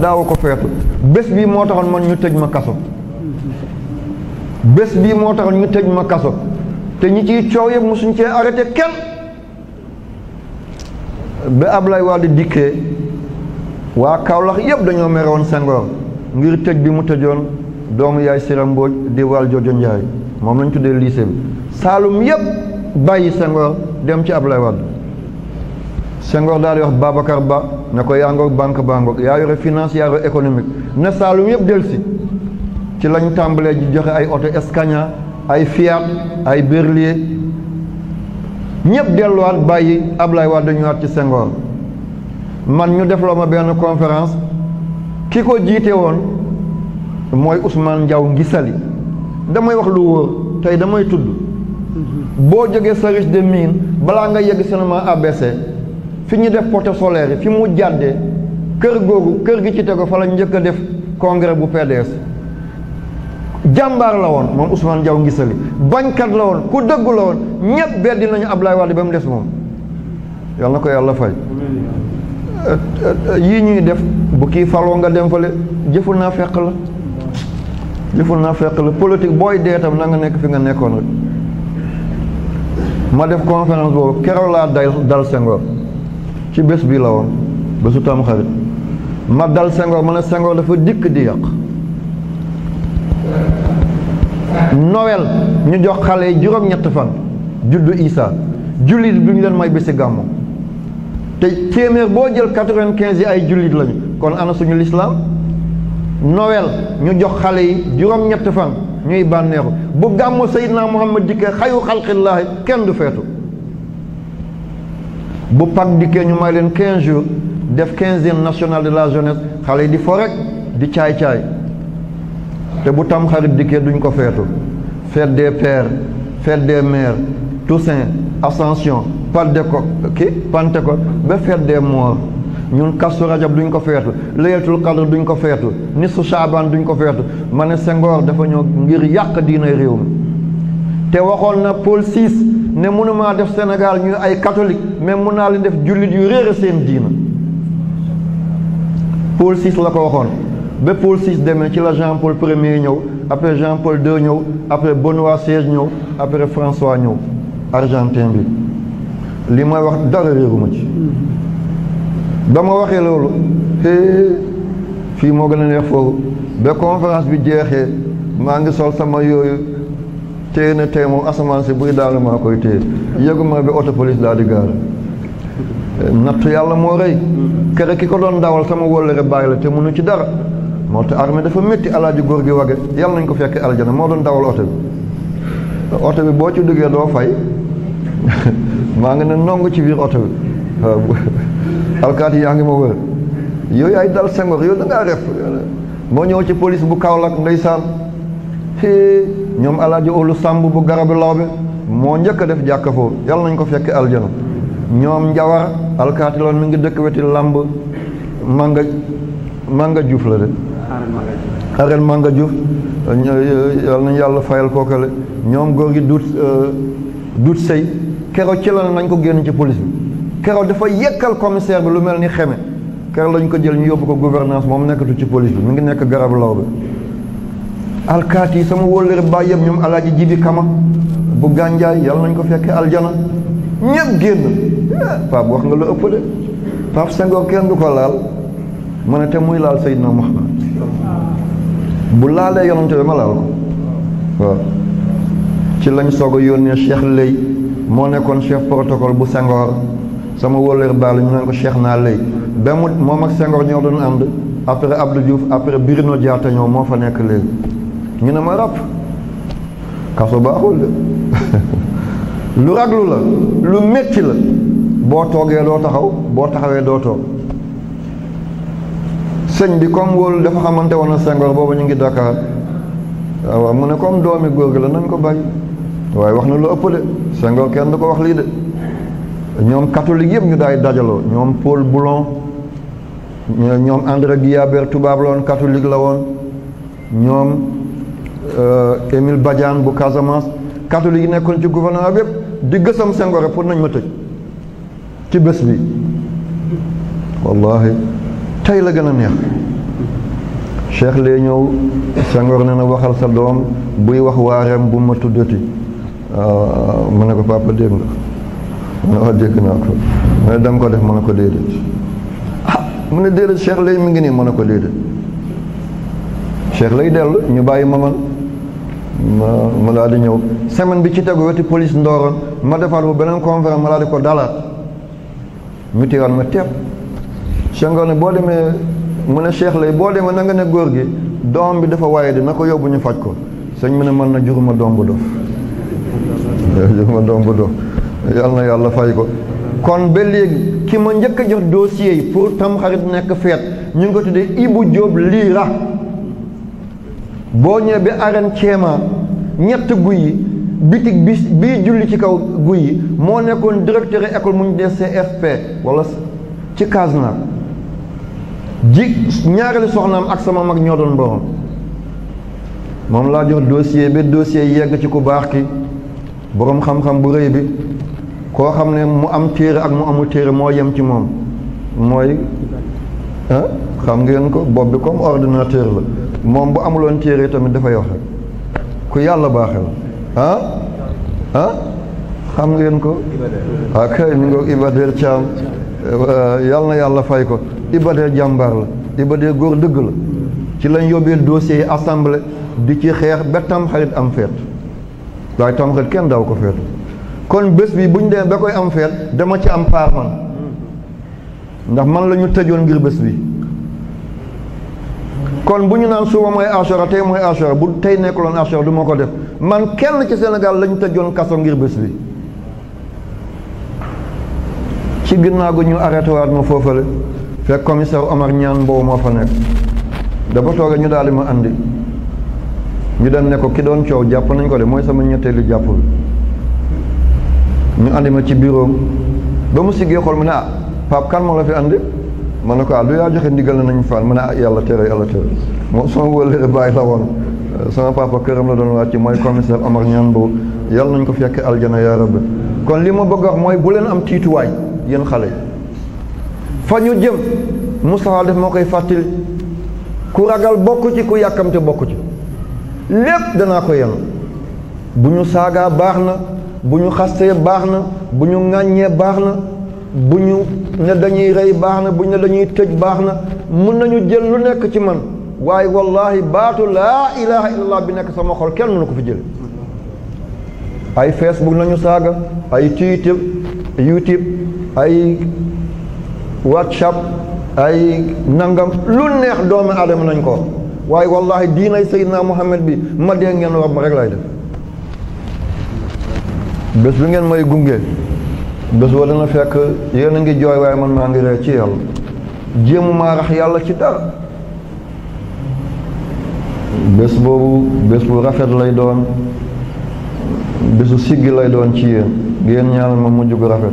daaw ko feetu bés bii moo taxoon man ñu tëj ma kaso bés bii moo taxoon ñu tëj ma kaso te ñi ciy coow yëpp mosuñ cee arrêté kenn ba Ablaye Wade dikkee waa kawlax yëpp dañoo meroon Senghor ngir tëj bi mu tëjoon doomu yaay Sira Mbodj di Waal Jojo Ndiaye moom lañ tuddee lycée bi Saalum yëpp bàyyi Senghor dem ci Ablaye Wade Senghor daal di wax Babacar Ba ne ko yaa ngoog banque baa ngoog yaa yore finance yaa yore économique ne saalum yëpp delsi ci lañ tàmbalee ji joxe ay oto Scania ay Fiat ay Berlier ñëpp delluwaat bàyyi Ablaye Wade ñëwaat ci Senghor man ñu defloo ma benn conférence ki ko jiite woon mooy Ousmane ngi sali damay wax lu wóor tey damay tudd mhm. boo jógee service de miine balaa nga yegg cinéma ABC fi ñu def porte solaire fi mu jàddee kër googu kër gi ci tegu fa la njëkk a def congrès bu PDS jàmbaar la woon moom Ousmane Diaw Nguissali bañkat la woon ku dëggu la woon ñëpp beddi nañu Abdoulaye Wade ba mu des moom yal na ko yàlla fay yii ñuy def bu kii faloo nga dem fale jëfu naa fekk la jëfu naa fekk la politique booy dee tam na nga nekk fi nga nekkoon rek ma def conférence boobu keroog laa dal dal Senghor ci bés bi la woon bésu tam xarit ma dal Senghor ma ne dafa dikk di yàq nowel ñu jox xale yi juróom-ñett fan juddu Isa jullit bi ñu leen may bési gàmmu te téeméer boo jël quatre vingt yi ay jullit lañu kon ana suñu lislaam nowel ñu jox xale yi juróom-ñett fan ñuy bànneexu bu gàmmu Seydina Muhammad dikkee xayu xalqillaahi kenn du feetu bu Pâques dikkee ñu may leen quinze jours def quinzième nationale de la jeunesse xale yi di fo di caay-caay te bu Tamxarit dikkee duñ ko feetu fête des pères fête des mères Toussaint Ascension Pentecôte ki Pentecôte ba fête des morts ñun kasu rajab duñ ko feetu layatul qadr duñ ko feetu nisu Chaabaan duñ ko feetu ma ne Senghor dafa ñëw ngir yàq diina réew mi te waxoon na Paul VI ne mënumaa def Sénégal ñu ay catholique mais mën naa leen def jullit yu réere seen diina Paul VI la ko waxoon ba Paul VI demee ci la Jean Paul premier ñëw après Jean Paul II ñëw après Benoît XVI ñëw après François ñëw argentin bi li may wax dara réeruma ci ba ma waxee loolu fii moo gën a neex foofu ba conférence bi jeexee maa ngi sol sama yooyu téye na téye moom asamaan si buy daanu maa koy téye yëguma bi oto police daa di gaar nattu yàlla moo rey kere ki ko doon dawal sama wóllëre bàyyi la te mënu ci dara moo tax armée dafa métti alaaji góor gi wage yàlla nañ ko fekk aljana moo doon dawal oto bi oto bi boo ci duggee doo fay maa ngi ne nongu ci biir oto bi waaw alkaati yaa ngi ma wër yooyu ay dal sengoor yooyu da ngaa ref moo ñëw ci police bu kaw Kaolack ndeysaan te ñoom alaaji olu sàmb bu garabu lawbe moo njëkk a def jàkka foofu yàlla nañ ko fekk aljana ñoom njawar alkaati loon mi ngi dëkk weti làmb mànga mànga juuf la de xaren manga juuf yàlla nañ yàlla fayal kookale ñoom góor gi duut euh, duut sëy kero ci la nañ ko génn ci police bi kero dafa yekkal commissaire bi lu mel ni xeme kero lañ ko jël ñu yóbbu ko gouvernance moom nekkatu ci police bi mi ngi nekk garabu law bi alkaati yi sama wóllëre baay yam ñoom alaaji jibi kama bu gànjaay yàlla nañ ko fekkee aljana ñëpp génn Pape wax nga lu ëpp de Pape Senghor kenn du ko laal mu ne te muy laal Seydina Muhammad bu laalee yonante bi ma laal ko waaw ci lañ soog a yónnee Cheikh Lay moo nekkoon chef protocole bu Senghor sama wóllëre baa la ñu naan ko Cheikh naa Lay ba mu moom ak Senghor ñoo doon ànd après Abdou Diouf après Bruno Diatta ñoo moo fa nekk léegi ñu ne ma rab kaso baaxul de lu raglu la lu metti la boo toogee doo taxaw boo taxawee doo toog sëñ bi comme wóolu dafa xamante woon na Senghor boobu ñu ngi Dakar mu ne comme doomi góor la nañ ko bàyyi waaye wax na lu ëpp de Senghor kenn du ko wax lii de ñoom catholique yëpp ñu daay dajaloo ñoom Paul Boulon ñoom André Guillabert tubaab la woon catholique la woon ñoom Euh, Émile Badiane bu Casamance catholique yi nekkoon ci gouvernement bi yëpp di gësam Senghor pour nañ ma tëj ci bés bi wallahi tey la gën a neex Cheikh lay ñëw Senghor ne na waxal sa doom buy wax waareem bu ma tuddati euh, mu ne ko papa dégg nga mu ah, naa ko mu ne dama ko def mu ne ko déedéet ah mu ne déedéet Cheikh mi ngi nii mu ne ko déedéet Cheikh lay dellu ñu bàyyi mamal ma ma daal di ñëw semaine bi ci tegu weti police ndooroon ma defaat bu beneen conférence ma daal di ko dalaat mu tiiraan ma tepp Senghor boo demee mu ne Cheikh lay boo demee na nga ne góor gi doom bi dafa waaye di na ko yóbbu ñu faj ko sëñ mu ne mën na juruma doom bu dof juruma doom bu dof yàlla yàlla fay ko kon ba léegi ki ma njëkk a jot dossier yi pour tam xarit nekk feet ñu ngi ko tuddee Ibou Diop Lira boo ñëwee bi aran ceema ñett guy yi bitig bi bii julli ci kaw guy yi moo nekkoon directeur école mu ñu dee CFP wala ci Kasnaar ji ñaareelu soxnaam ak sama mag ñoo doon borom moom laa jox dossier ba dossier yegg ci ku baax ki boroom xam-xam bu rëy bi koo xam ne mu am téere ak mu amul téere moo yem ci moom mooy ah xam ngeen ko bopp bi comme ordinateur la moom bu amuloon téere tamit dafay wax ku yàlla baaxal ah ah xam ngeen ko waaw ah, kay mi ngoog Ibadeer Caam euh, yàlla yàlla fay ko Ibadeer jàmbaar la Ibadeer góor dëgg la ci lañ yóbbee dossier yi di ci xeex ba tam xarit am feet waaye tam xarit kenn daw ko feetu kon bés bi bu ñu demee ba koy am feet dama ci am paar ndax man lañu ñu tëjoon ngir bés bi kon bu ñu naan suba mooy asura tey mooy asura bu tey nekk asura du ma ko def man kenn ci Sénégal lañu tëjoon kaso ngir bés bi ci ginnaaw gi ñu arrêté waat ma foofale fekk commissaire Omar Niane Mbow moo fa nekk dafa toog ñu daal di ma indi ñu dem ne ki doon coow jàpp nañ ko de mooy sama ñetteelu jàppul ñu andi ma ci bureau ba mu siggee xool mu ne ah Pape kan moo la fi andi. man ne ko ah lu yaa joxe ndigal na nañu faal mu ne ah yàlla tere yàlla tere moom sama wëllëre bàyyi la woon euh, sama papa këram la doon wàcc mooy commissaire Omar Niang bu yàlla nañ ko fekk aljana yaa rabbi kon li ma bëgg wax mooy bu leen am tiituwaay yéen xale yi fa ñu jëm Moustapha def moo koy fàttali ku ragal bokk ci ku yàkkamte bokk ci lépp danaa ko yenu bu ñu saagaa baax na bu ñu xastee baax na bu ñu ŋàññee baax na bu ñu ne dañuy rey baax na bu ñu ne dañuy tëj baax na mun nañu jël lu nekk ci man waaye wallahi baatu laa ilaha illallah bi nekk sama xol kenn mënu ko fi jële ay facebook nañu saaga ay twitter youtube ay whatsapp ay nangam lu neex doomi aadama nañ ko waaye wallahi diinay seydina muhammad bi ma dee ngeen war ma rek lay def bés lu ngeen may gunge bés wala na fekk yéen a ngi jooy waaye man maa ngi ree ci yàlla jéemu maa rax yàlla ci dara bés boobu bés bu rafet lay doon bésu siggi lay doon ci yéen ngeen ñaanal ma mujj gu rafet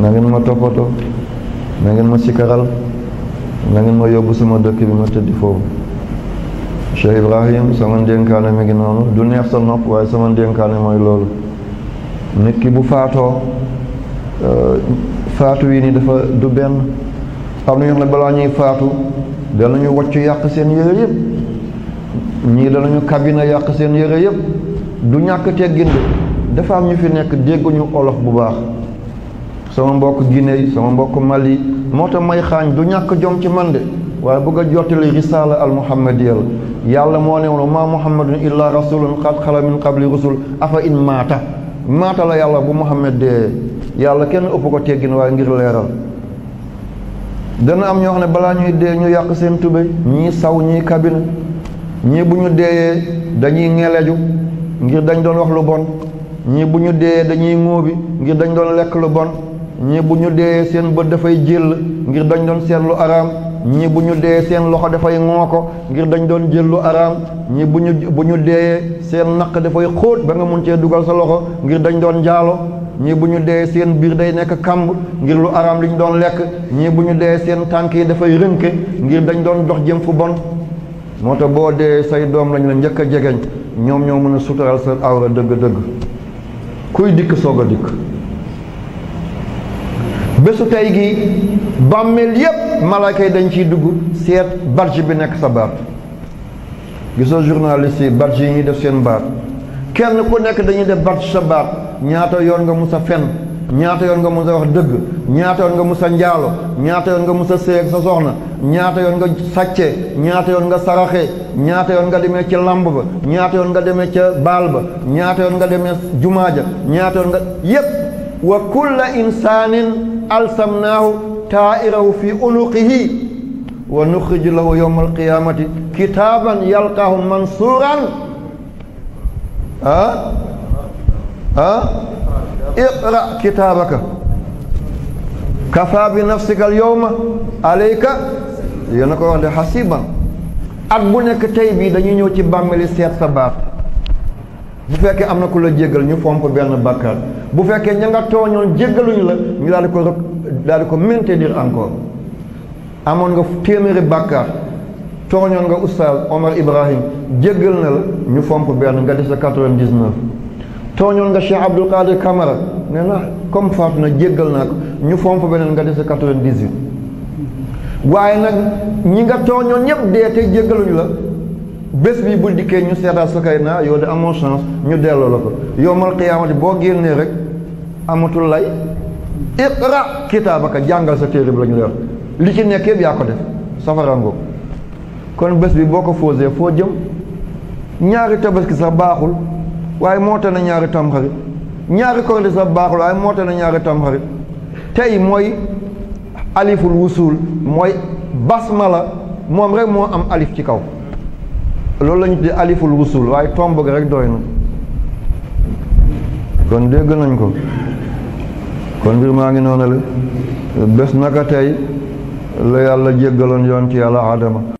na ngeen ma toppatoo na ngeen ma sikaral na ngeen ma yóbbu sama dëkk bi ma tëddi foofu Cheikh Ibrahim sama ndénkaane mi ngi noonu du neex sa nopp waaye sama ndénkaane mooy loolu nit ki bu faatoo euh, faatu yi ni dafa du benn am na ñoo xam ne balaa ñuy faatu danañu wàcc yàq seen yére yëpp ñii danañu kabina yàq seen yére yëpp du ñàkk teggin dafa am ñu fi nekk dégguñu olof bu baax sama mbokk Guinée sama mbokk Mali moo tax may xaañ du ñàkk jom ci man de waaye bëgg a jottali risaala al muhammadiyya yàlla moo ne woon maa muhammadun illa rasulun qad xala min qabli rusul afa in maata maatala la yàlla bu Muhammad dee yàlla kenn ëpp ko teggin waaye ngir leeral dana am ñoo xam ne balaa ñuy dee ñu yàq seen tube ñii saw ñii kabine ñii bu ñu deeyee dañuy ngeleju ngir dañ doon wax lu bon ñii bu ñu deeyee dañuy ŋóobi ngir dañ doon lekk lu bon ñii bu ñu deeyee seen bët dafay jël ngir dañ doon seet lu araam ñi bu ñu dee seen loxo dafay ŋoo ko ngir dañ doon jël lu araam ñi bu ñu bu ñu dee seen naq dafay xóot ba nga mun cee dugal sa loxo ngir dañ doon jaalo ñii bu ñu dee seen biir day nekk kàmb ngir lu araam li ñu doon lekk ñii bu ñu dee seen tànk yi dafay rënke ngir dañ doon dox jëm fu bon moo tax boo dee say doom lañu la njëkk a jegeñ ñoom ñoo mën a sutural sa awra dëgg-dëgg kuy dikk soog a dikk bésu tey gii bàmmeel yépp malaaka yi dañ ciy dugg seet barge bi nekk sa baat gisoo journaliste yi barge yi ñuy def seen baat kenn ku nekk dañuy def barge sa baat ñaata yoon nga mus fen ñaata yoon nga musa wax dëgg ñaata yoon nga mus a njaalo ñaata yoon nga mus a séy ak sa ñaata yoon nga sàcce ñaata yoon nga saraxe ñaata yoon nga demee ca lamb ba ñaata yoon nga demee ca baal ba ñaata yoon nga demee jumaaja ñaata yoon nga yépp wa kulla insaanin alsamnaahu taa'irahu fi unuqihi wa nuxriju lahu yowma kitaaban yalqahu mansuuran ah ah iqra kitaabaka bi nafsika al yowma alayka yéena ko wax de xasiban at bu nekk tey bii dañuy ñëw ci bàmmeli seet sa baat bu fekkee am na ku la jéggal ñu fomp benn bàkkaar bu fekkee ña nga tooñoon jéggaluñu la ñu daal di ko daal di ko maintenir encore amoon nga téeméeri bàkkaar tooñoon nga oustaz Omar Ibrahim jéggal na la ñu fomp benn nga des sa 99 tooñoon nga Cheikh Abdoul Qadir Camara nee na comme faatu na jéggal naa ko ñu fomp beneen nga des sa 98 waaye nag ñi nga tooñoon ñëpp dee te jéggaluñu la bés bi bu dikkee ñu seetaat sa kay naa yow de amoo chance ñu delloo la ko yowmal qiyaamati boo génnee rek amatul lay iqra kitaabaka jàngal sa téere bi la ñu leer li ci nekk yëpp yaa ko def safarango kon bés bi boo ko foosee foo jëm ñaari tabaski sax baaxul waaye moo na ñaari tamxarit ñaari korite sax baaxul waaye moo na ñaari tamxarit tey mooy aliful wusul mooy la moom rek moo am alif ci kaw loolu lañu di aliful wusul waaye tomb ga rek doy na kon dégg nañ ko kon mbir maa ngi noonu la bés naka tey la yàlla jéggaloon yoon ci yàlla Adama